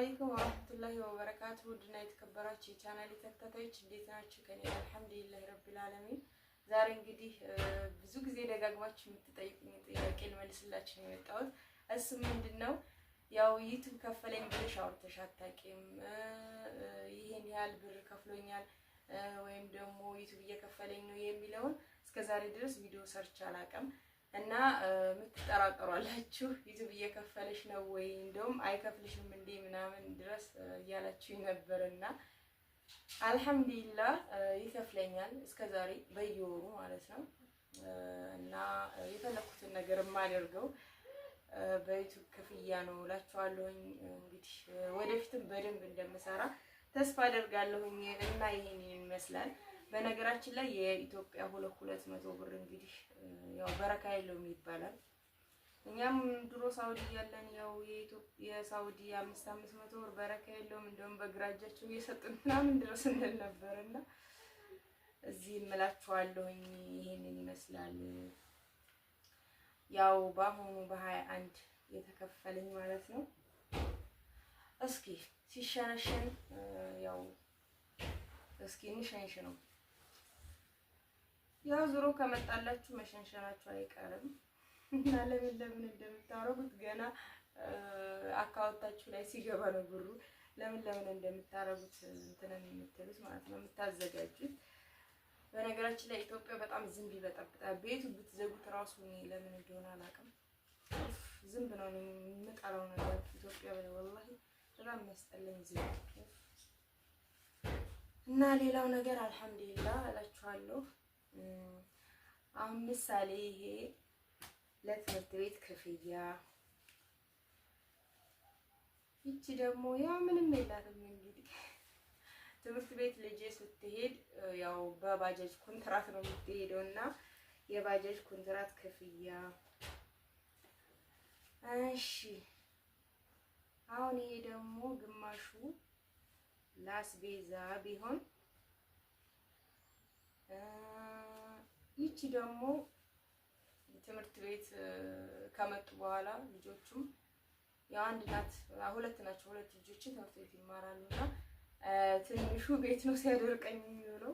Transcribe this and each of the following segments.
አለይኩም ወራህመቱላሂ ወበረካቱ ውድና የተከበራችሁ የቻናል ተከታታዮች እንዴት ናችሁ? ከኔ አልሐምዱሊላህ ረብል ዓለሚን። ዛሬ እንግዲህ ብዙ ጊዜ ደጋግማችሁ የምትጠይቁኝ ጥያቄ ልመልስላችሁ ነው የመጣሁት። እሱ ምንድን ነው? ያው ዩቱብ ከፈለኝ ብለሽ አውርተሽ አታውቂም፣ ይሄን ያህል ብር ከፍሎኛል ወይም ደግሞ ዩቱብ እየከፈለኝ ነው የሚለውን እስከዛሬ ድረስ ቪዲዮ ሰርች አላውቅም። እና የምትጠራጠሯላችሁ ዩቲዩብ እየከፈለሽ ነው ወይ እንደውም አይከፍልሽም እንዴ ምናምን ድረስ እያላችሁ ነበር። እና አልሐምዱሊላህ ይከፍለኛል እስከዛሬ በየወሩ ማለት ነው። እና የፈለኩትን ነገር የማደርገው በዩቲዩብ ክፍያ ነው እላችኋለሁኝ። እንግዲህ ወደፊትም በደንብ እንደምሰራ ተስፋ አደርጋለሁኝ እና ይሄንን ይመስላል። በነገራችን ላይ የኢትዮጵያ ሁለት ሁለት መቶ ብር እንግዲህ ያው በረካ የለውም ይባላል። እኛም ድሮ ሳውዲ ያለን ያው የሳውዲ አምስት አምስት መቶ ብር በረካ የለውም እንደውም በግራ እጃቸው እየሰጡን ምናምን ድረስ እንል ነበር እና እዚህ እምላችኋለሁኝ ይሄንን ይመስላል። ያው በአሁኑ በሀያ አንድ የተከፈለኝ ማለት ነው። እስኪ ሲሸነሸን ያው እስኪ እንሸንሽ ነው። ያው ዞሮ ከመጣላችሁ መሸንሸናችሁ አይቀርም እና ለምን ለምን እንደምታረጉት ገና አካውንታችሁ ላይ ሲገባ ነው ብሩ። ለምን ለምን እንደምታረጉት እንትን የምትሉት ማለት ነው የምታዘጋጁት። በነገራችን ላይ ኢትዮጵያ በጣም ዝንብ ይበጠብጣል። ቤቱ ብትዘጉት እራሱ ለምን እንደሆነ አላውቅም። ዝንብ ነው የምጠላው ነገር ኢትዮጵያ ላይ ወላሂ በጣም የሚያስጠላኝ ዝንብ እና ሌላው ነገር አልሐምዱሊላህ እላችኋለሁ። አሁን ምሳሌ ይሄ ለትምህርት ቤት ክፍያ፣ ይቺ ደግሞ ያው ምንም የላትም እንግዲህ ትምህርት ቤት ልጄ ስትሄድ ያው በባጃጅ ኮንትራት ነው የምትሄደው እና የባጃጅ ኮንትራት ክፍያ። እሺ አሁን ይሄ ደግሞ ግማሹ ላስቤዛ ቢሆን ይቺ ደግሞ ትምህርት ቤት ከመጡ በኋላ ልጆቹም የአንድ ናት፣ ሁለት ናቸው። ሁለት ልጆች ትምህርት ቤት ይማራሉ እና ትንሹ ቤት ነው ሲያደርቀኝ የሚውለው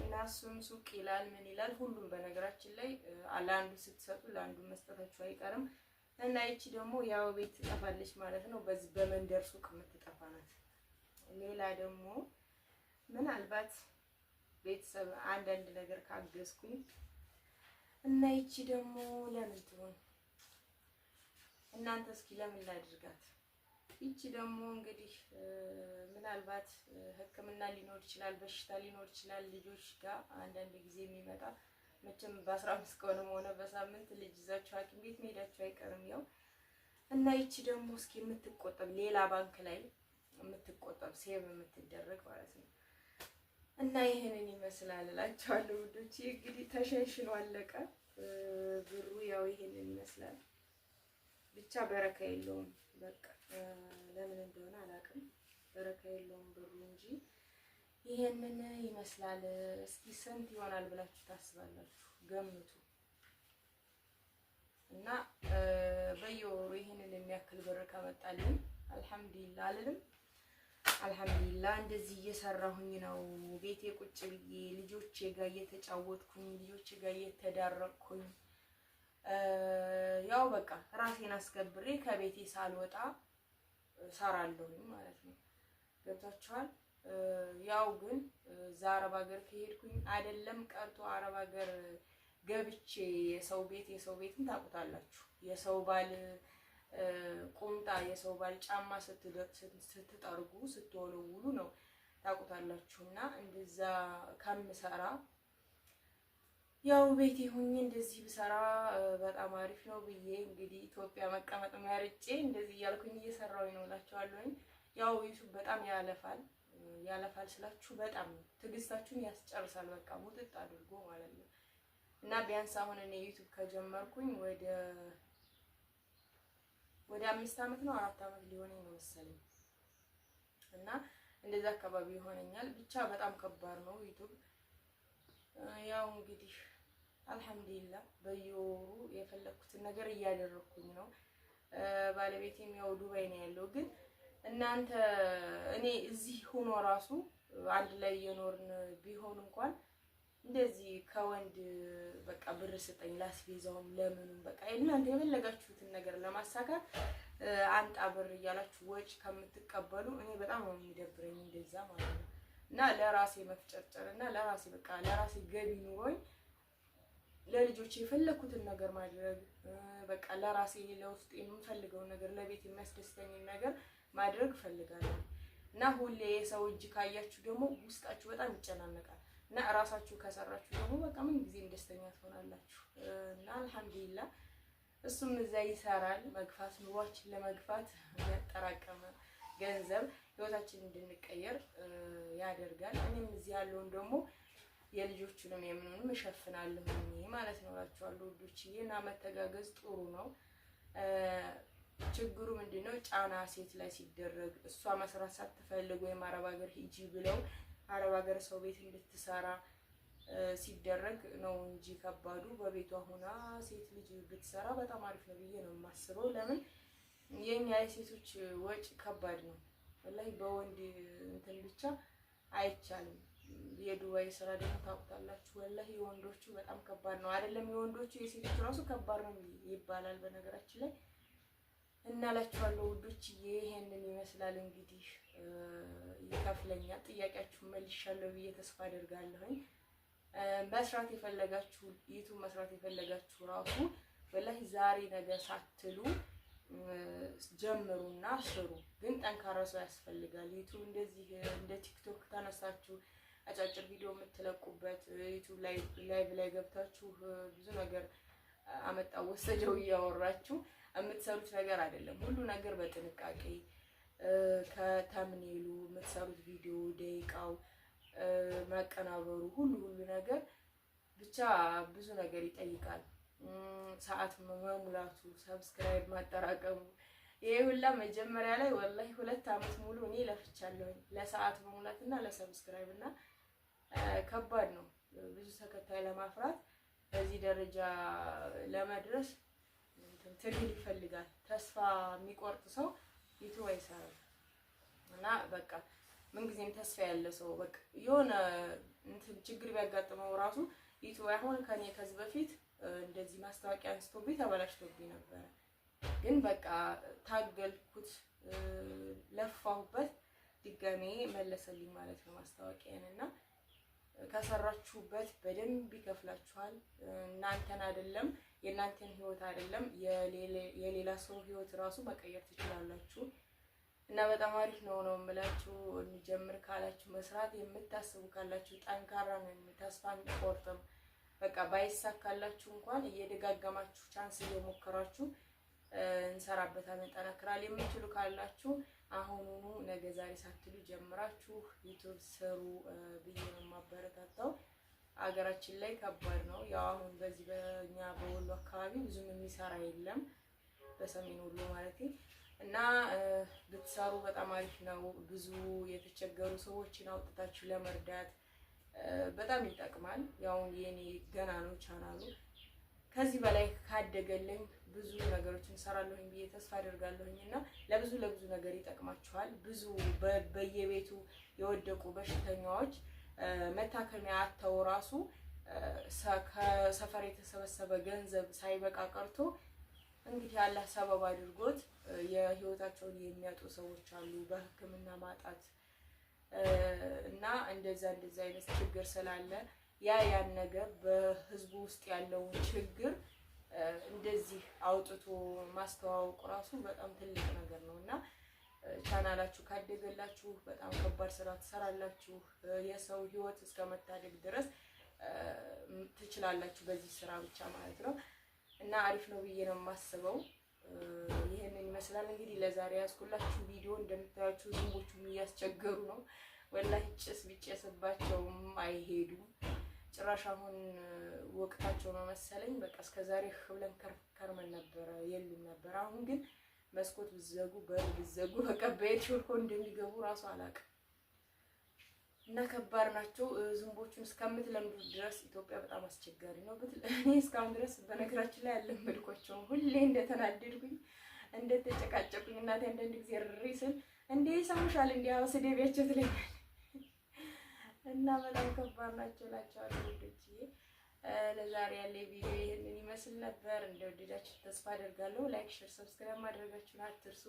እና እሱም ሱቅ ይላል ምን ይላል ሁሉም። በነገራችን ላይ ለአንዱ ስትሰጡ ለአንዱ መስጠታችሁ አይቀርም እና ይቺ ደግሞ ያው ቤት ትጠፋለች ማለት ነው። በዚህ በመንደር ሱቅ የምትጠፋ ናት። ሌላ ደግሞ ምናልባት ቤተሰብ አንዳንድ ነገር ካገዝኩኝ እና ይቺ ደግሞ ለምን ትሆን እናንተ እስኪ ለምን ላድርጋት? ይቺ ደግሞ እንግዲህ ምናልባት ሕክምና ሊኖር ይችላል፣ በሽታ ሊኖር ይችላል። ልጆች ጋር አንዳንድ ጊዜ የሚመጣ መቼም በአስራ አምስት ቀንም ሆነ በሳምንት ልጅ ይዛችሁ ሐኪም ቤት መሄዳችሁ አይቀርም ያው እና ይቺ ደግሞ እስኪ የምትቆጠብ ሌላ ባንክ ላይ የምትቆጠብ ሴቭ የምትደረግ ማለት ነው እና ይህንን ይመስላል እላቸዋለሁ ውዶች። እንግዲህ ተሸንሽኖ አለቀ ብሩ። ያው ይህንን ይመስላል ብቻ በረካ የለውም። በቃ ለምን እንደሆነ አላውቅም። በረካ የለውም ብሩ እንጂ ይህንን ይመስላል። እስኪ ስንት ይሆናል ብላችሁ ታስባላችሁ? ገምቱ እና በየወሩ ይህንን የሚያክል ብር ከመጣልን አልሐምዱሊላህ አልልም አልሐምዱሊላ እንደዚህ እየሰራሁኝ ነው ቤቴ ቁጭ ብዬ ልጆቼ ጋር እየተጫወትኩኝ ልጆቼ ጋር እየተዳረቅኩኝ ያው በቃ ራሴን አስከብሬ ከቤቴ ሳልወጣ ሰራለሁኝ ማለት ነው። ገብታችኋል? ያው ግን እዛ አረብ ሀገር ከሄድኩኝ አይደለም ቀርቶ አረብ ሀገር ገብቼ የሰው ቤት የሰው ቤትን ታውቁታላችሁ የሰው ባል ቁምጣ የሰው ባል ጫማ ስትጠርጉ ስትወለውሉ ነው ታውቁታላችሁ። እና እንደዛ ከምሰራ ያው ቤት ሁኜ እንደዚህ ብሰራ በጣም አሪፍ ነው ብዬ እንግዲህ ኢትዮጵያ መቀመጥ መርጬ እንደዚህ እያልኩኝ እየሰራሁኝ ነው እላቸዋለሁኝ። ያው ቤቱ በጣም ያለፋል ያለፋል ስላችሁ በጣም ትዕግስታችሁን ያስጨርሳል። በቃ ሙጥጥ አድርጎ ማለት ነው እና ቢያንስ አሁን እኔ ዩቱብ ከጀመርኩኝ ወደ ወደ አምስት አመት ነው አራት አመት ሊሆን ነው መሰለኝ እና እንደዛ አካባቢ ይሆነኛል። ብቻ በጣም ከባድ ነው ዩቱብ። ያው እንግዲህ አልሐምዱሊላ በየወሩ የፈለግኩትን ነገር እያደረግኩኝ ነው። ባለቤቴም ያው ዱባይ ነው ያለው። ግን እናንተ እኔ እዚህ ሆኖ ራሱ አንድ ላይ እየኖርን ቢሆን እንኳን እንደዚህ ከወንድ በቃ ብር ስጠኝ ላስቤዛውም ለምኑም በቃ እናንተ የፈለጋችሁትን ነገር ለማሳካት አንጣ ብር እያላችሁ ወጪ ከምትቀበሉ እኔ በጣም ነው የሚደብረኝ እንደዛ ማለት ነው። እና ለራሴ መፍጨርጨር እና ለራሴ በቃ ለራሴ ገቢ ኑሮኝ ለልጆች የፈለግኩትን ነገር ማድረግ በቃ ለራሴ ለውስጥ የምፈልገውን ነገር ለቤት የሚያስደስተኝን ነገር ማድረግ እፈልጋለሁ። እና ሁሌ የሰው እጅ ካያችሁ ደግሞ ውስጣችሁ በጣም ይጨናነቃል። እና እራሳችሁ ከሰራችሁ ደግሞ በቃ ምን ጊዜም ደስተኛ ትሆናላችሁ። እና አልሐምዱሊላ እሱም እዛ ይሰራል። መግፋት ኑሯችን ለመግፋት ያጠራቀመ ገንዘብ ህይወታችን እንድንቀየር ያደርጋል። እኔም እዚህ ያለውን ደግሞ የልጆቹንም የምንሆንም እሸፍናለሁ ማለት ነው እላችኋለሁ ውዶችዬ። እና መተጋገዝ ጥሩ ነው። ችግሩ ምንድን ነው? ጫና ሴት ላይ ሲደረግ እሷ መስራት ሳትፈልግ ወይም አረብ ሀገር ሂጂ ብለው አረብ ሀገር ሰው ቤት እንድትሰራ ሲደረግ ነው እንጂ ከባዱ በቤቷ ሆና ሴት ልጅ ብትሰራ በጣም አሪፍ ነው ብዬ ነው የማስበው። ለምን የኛ የሴቶች ወጪ ከባድ ነው ላይ በወንድ እንትን ብቻ አይቻልም። የዱባይ ስራ ደግሞ ታውቁታላችሁ። ወላሂ የወንዶቹ በጣም ከባድ ነው። አይደለም የወንዶቹ የሴቶቹ ራሱ ከባድ ነው ይባላል። በነገራችን ላይ እናላችኋለሁ ውዶችዬ። ይሄንን ይመስላል እንግዲህ ይከፍለኛል። ጥያቄያችሁን መልሻለሁ ብዬ ተስፋ አደርጋለሁኝ። መስራት የፈለጋችሁ ዩቱብ መስራት የፈለጋችሁ ራሱ ወላሂ ዛሬ ነገ ሳትሉ ጀምሩና ስሩ። ግን ጠንካራ ሰው ያስፈልጋል። ዩቱብ እንደዚህ እንደ ቲክቶክ ተነሳችሁ አጫጭር ቪዲዮ የምትለቁበት ዩቱብ ላይቭ ላይ ገብታችሁ ብዙ ነገር አመጣ ወሰደው እያወራችሁ የምትሰሩት ነገር አይደለም። ሁሉ ነገር በጥንቃቄ ከተምኔሉ የምትሰሩት ቪዲዮ፣ ደቂቃው፣ መቀናበሩ ሁሉ ሁሉ ነገር ብቻ ብዙ ነገር ይጠይቃል። ሰዓት መሙላቱ፣ ሰብስክራይብ ማጠራቀሙ ይሄ ሁላ መጀመሪያ ላይ ወላሂ ሁለት አመት ሙሉ እኔ ለፍቻለሁ ለሰዓት መሙላት እና ለሰብስክራይብ እና ከባድ ነው ብዙ ተከታይ ለማፍራት በዚህ ደረጃ ለመድረስ ትግል ይፈልጋል። ተስፋ የሚቆርጥ ሰው ዩቱብ አይሰራም እና በቃ ምንጊዜም ተስፋ ያለ ሰው በቃ የሆነ እንትን ችግር ቢያጋጥመው ራሱ ዩቱብ አይሆን ከኔ ከዚህ በፊት እንደዚህ ማስታወቂያ አንስቶብኝ ተበላሽቶብኝ ነበረ። ግን በቃ ታገልኩት፣ ለፋሁበት ድጋሜ መለሰልኝ ማለት ነው ማስታወቂያን እና ከሰራችሁበት በደንብ ይከፍላችኋል። እናንተን አይደለም የእናንተን ህይወት አይደለም የሌላ ሰው ህይወት ራሱ መቀየር ትችላላችሁ። እና በጣም አሪፍ ነው ነው የምላችሁ። እንጀምር ካላችሁ መስራት የምታስቡ ካላችሁ ጠንካራ ነን፣ ተስፋ አንቆርጥም። በቃ ባይሳካላችሁ እንኳን እየደጋገማችሁ ቻንስ እየሞከራችሁ እንሰራበታለን። ጠናክራል የምትችሉ ካላችሁ አሁኑኑ ነገ ዛሬ ሳትሉ ጀምራችሁ ዩቱብ ስሩ ብዬ ነው የማበረታታው። አገራችን ላይ ከባድ ነው። ያው አሁን በዚህ በኛ በወሎ አካባቢ ብዙም የሚሰራ የለም በሰሜን ወሎ ማለት እና ብትሰሩ በጣም አሪፍ ነው። ብዙ የተቸገሩ ሰዎችን አውጥታችሁ ለመርዳት በጣም ይጠቅማል። ያው የኔ ገና ነው ቻናሉ ከዚህ በላይ ካደገልኝ ብዙ ነገሮችን እንሰራለሁኝ ብዬ ተስፋ አደርጋለሁኝ እና ለብዙ ለብዙ ነገር ይጠቅማችኋል። ብዙ በየቤቱ የወደቁ በሽተኛዎች መታከሚያ አተው ራሱ ከሰፈር የተሰበሰበ ገንዘብ ሳይበቃ ቀርቶ እንግዲህ አላህ ሰበብ አድርጎት የህይወታቸውን የሚያጡ ሰዎች አሉ በህክምና ማጣት እና እንደዛ እንደዛ አይነት ችግር ስላለ ያ ያን ነገር በህዝቡ ውስጥ ያለውን ችግር እንደዚህ አውጥቶ ማስተዋወቁ ራሱ በጣም ትልቅ ነገር ነው እና ቻናላችሁ ካደገላችሁ በጣም ከባድ ስራ ትሰራላችሁ። የሰው ህይወት እስከ መታደግ ድረስ ትችላላችሁ በዚህ ስራ ብቻ ማለት ነው እና አሪፍ ነው ብዬ ነው የማስበው። ይህንን ይመስላል እንግዲህ ለዛሬ ያስኩላችሁ ቪዲዮ። እንደምታያችሁ ዝንቦቹም እያስቸገሩ ነው። ወላሂ ጭስ ቢጨስባቸውም አይሄዱም። ጭራሽ አሁን ወቅታቸው ነው መሰለኝ። በቃ እስከ ዛሬ ህብለን ከርመን ነበረ የሉም ነበር። አሁን ግን መስኮት ብዘጉ በር ብዘጉ በቃ በየት ሾልኮ እንደሚገቡ ራሱ አላውቅም። እና ከባድ ናቸው ዝንቦቹን እስከምትለምዱ ድረስ ኢትዮጵያ በጣም አስቸጋሪ ነው። እኔ እስካሁን ድረስ በነገራችን ላይ አልለመድኳቸውም። ሁሌ እንደተናደድኩኝ እንደተጨቃጨቁኝ እናቴ አንዳንድ ጊዜ ሪ እንዴ ሰሙሻል እንዲ ስደቢያቸው ትለኛል እና በጣም ከባድ ናቸው እላቸዋለሁ ውዶቼ። ለዛሬ ያለ ቪዲዮ ይህንን ይመስል ነበር። እንደወደዳችሁ ተስፋ አደርጋለሁ። ላይክ፣ ሼር፣ ሰብስክራይብ ማድረጋችሁን አትርሱ።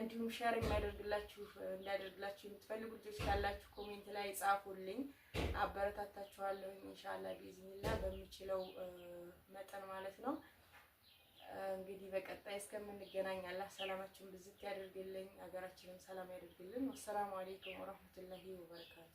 እንዲሁም ሼር የሚያደርግላችሁ እንዳደርግላችሁ የምትፈልጉ ልጆች ካላችሁ ኮሜንት ላይ ጻፉልኝ፣ አበረታታችኋለሁ። ኢንሻአላ ቢዝኒላ በሚችለው መጠን ማለት ነው። እንግዲህ በቀጣይ እስከምንገናኝ አላህ ሰላማችሁን ብዝት ያደርግልኝ፣ ሀገራችንም ሰላም ያደርግልን። ወሰላሙ አሌይኩም ወረህመቱላሂ ወበረካቱ